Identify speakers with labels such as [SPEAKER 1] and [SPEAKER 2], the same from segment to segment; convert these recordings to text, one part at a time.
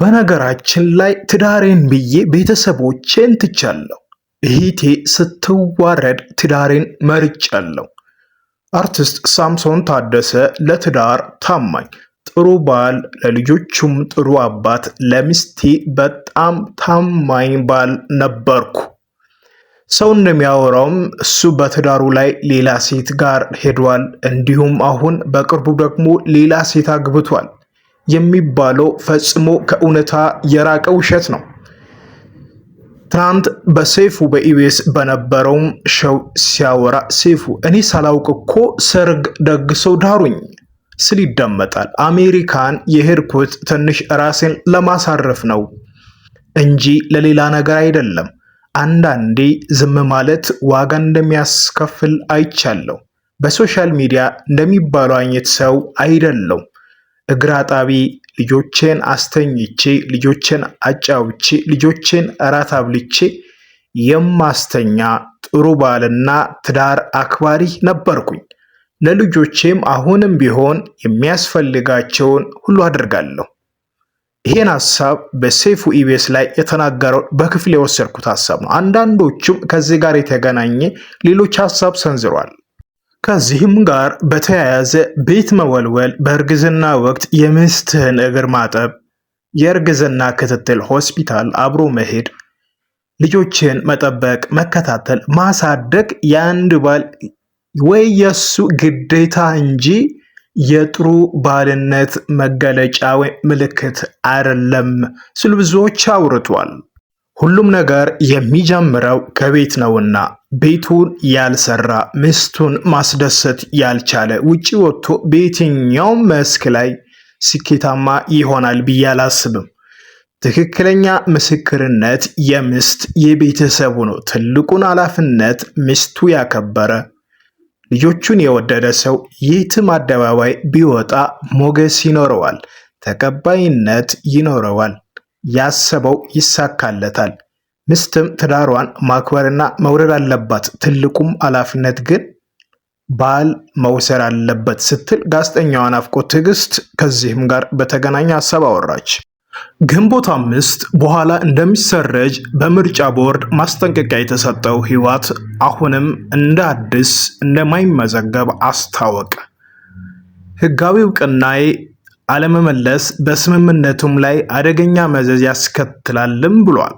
[SPEAKER 1] በነገራችን ላይ ትዳሬን ብዬ ቤተሰቦቼን ትቻለሁ። እህቴ ስትዋረድ ትዳሬን መርጫለሁ። አርቲስት ሳምሶን ታደሰ ለትዳር ታማኝ ጥሩ ባል ለልጆቹም ጥሩ አባት ለሚስቴ በጣም ታማኝ ባል ነበርኩ። ሰው እንደሚያወራውም እሱ በትዳሩ ላይ ሌላ ሴት ጋር ሄዷል፣ እንዲሁም አሁን በቅርቡ ደግሞ ሌላ ሴት አግብቷል። የሚባለው ፈጽሞ ከእውነታ የራቀ ውሸት ነው። ትናንት በሰይፉ በኢቢኤስ በነበረውም ሸው ሲያወራ ሰይፉ እኔ ሳላውቅ እኮ ሰርግ ደግሰው ዳሩኝ ስል ይደመጣል። አሜሪካን የሄድኩት ትንሽ ራሴን ለማሳረፍ ነው እንጂ ለሌላ ነገር አይደለም። አንዳንዴ ዝም ማለት ዋጋ እንደሚያስከፍል አይቻለሁ። በሶሻል ሚዲያ እንደሚባለው አይነት ሰው አይደለው። እግር አጣቢ ልጆቼን አስተኝቼ ልጆቼን አጫውቼ ልጆቼን እራት አብልቼ የማስተኛ ጥሩ ባልና ትዳር አክባሪ ነበርኩኝ። ለልጆቼም አሁንም ቢሆን የሚያስፈልጋቸውን ሁሉ አድርጋለሁ። ይሄን ሀሳብ በሰይፉ ኢቢኤስ ላይ የተናገረው በክፍል የወሰድኩት ሀሳብ ነው። አንዳንዶቹም ከዚህ ጋር የተገናኘ ሌሎች ሀሳብ ሰንዝሯል። ከዚህም ጋር በተያያዘ ቤት መወልወል፣ በእርግዝና ወቅት የሚስትህን እግር ማጠብ፣ የእርግዝና ክትትል ሆስፒታል አብሮ መሄድ፣ ልጆችን መጠበቅ፣ መከታተል፣ ማሳደግ የአንድ ባል ወይ የእሱ ግዴታ እንጂ የጥሩ ባልነት መገለጫ ወይ ምልክት አይደለም ሲሉ ብዙዎች አውርቷል። ሁሉም ነገር የሚጀምረው ከቤት ነውና ቤቱን ያልሰራ ሚስቱን ማስደሰት ያልቻለ ውጪ ወጥቶ በየትኛውም መስክ ላይ ስኬታማ ይሆናል ብዬ አላስብም። ትክክለኛ ምስክርነት የሚስት የቤተሰቡ ነው። ትልቁን ኃላፊነት ሚስቱ ያከበረ ልጆቹን የወደደ ሰው የትም አደባባይ ቢወጣ ሞገስ ይኖረዋል፣ ተቀባይነት ይኖረዋል። ያሰበው ይሳካለታል። ምስትም ትዳሯን ማክበርና መውረድ አለባት። ትልቁም ኃላፊነት ግን ባል መውሰድ አለበት ስትል ጋዜጠኛዋ ናፍቆት ትዕግስት ከዚህም ጋር በተገናኘ ሀሳብ አወራች። ግንቦት አምስት በኋላ እንደሚሰረጅ በምርጫ ቦርድ ማስጠንቀቂያ የተሰጠው ህይወት አሁንም እንደ አዲስ እንደማይመዘገብ አስታወቀ። ህጋዊ እውቅናዬ አለመመለስ በስምምነቱም ላይ አደገኛ መዘዝ ያስከትላልም ብሏል።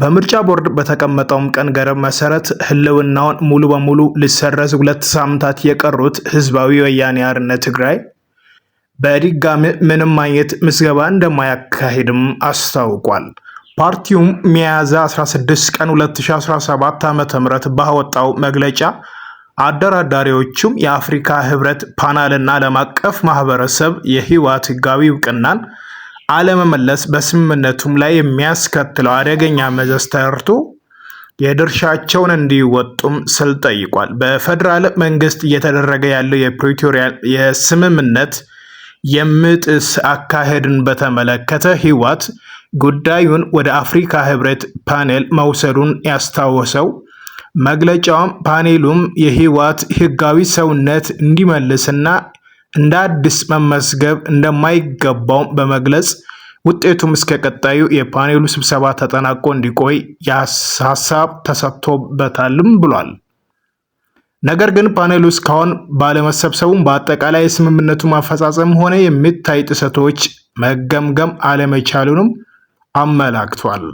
[SPEAKER 1] በምርጫ ቦርድ በተቀመጠውም ቀን ገደብ መሰረት ህልውናውን ሙሉ በሙሉ ሊሰረዝ ሁለት ሳምንታት የቀሩት ህዝባዊ ወያኔ ሓርነት ትግራይ በድጋሚ ምንም አይነት ምዝገባ እንደማያካሂድም አስታውቋል። ፓርቲውም ሚያዝያ 16 ቀን 2017 ዓ.ም ባወጣው መግለጫ አደራዳሪዎቹም የአፍሪካ ህብረት ፓናልና ዓለም አቀፍ ማህበረሰብ የህወሓት ህጋዊ እውቅናን አለመመለስ በስምምነቱም ላይ የሚያስከትለው አደገኛ መዘዝ ተረድቶ የድርሻቸውን እንዲወጡም ስል ጠይቋል። በፌደራል መንግስት እየተደረገ ያለው የፕሪቶሪያ የስምምነት የምጥስ አካሄድን በተመለከተ ህወሓት ጉዳዩን ወደ አፍሪካ ህብረት ፓኔል መውሰዱን ያስታወሰው መግለጫውም ፓኔሉም የህወሓት ህጋዊ ሰውነት እንዲመልስና እንደ አዲስ መመዝገብ እንደማይገባውም በመግለጽ ውጤቱም እስከ ቀጣዩ የፓኔሉ ስብሰባ ተጠናቆ እንዲቆይ ሀሳብ ተሰጥቶበታልም ብሏል። ነገር ግን ፓኔሉ እስካሁን ባለመሰብሰቡም በአጠቃላይ የስምምነቱ ማፈጻጸም ሆነ የሚታይ ጥሰቶች መገምገም አለመቻሉንም አመላክቷል።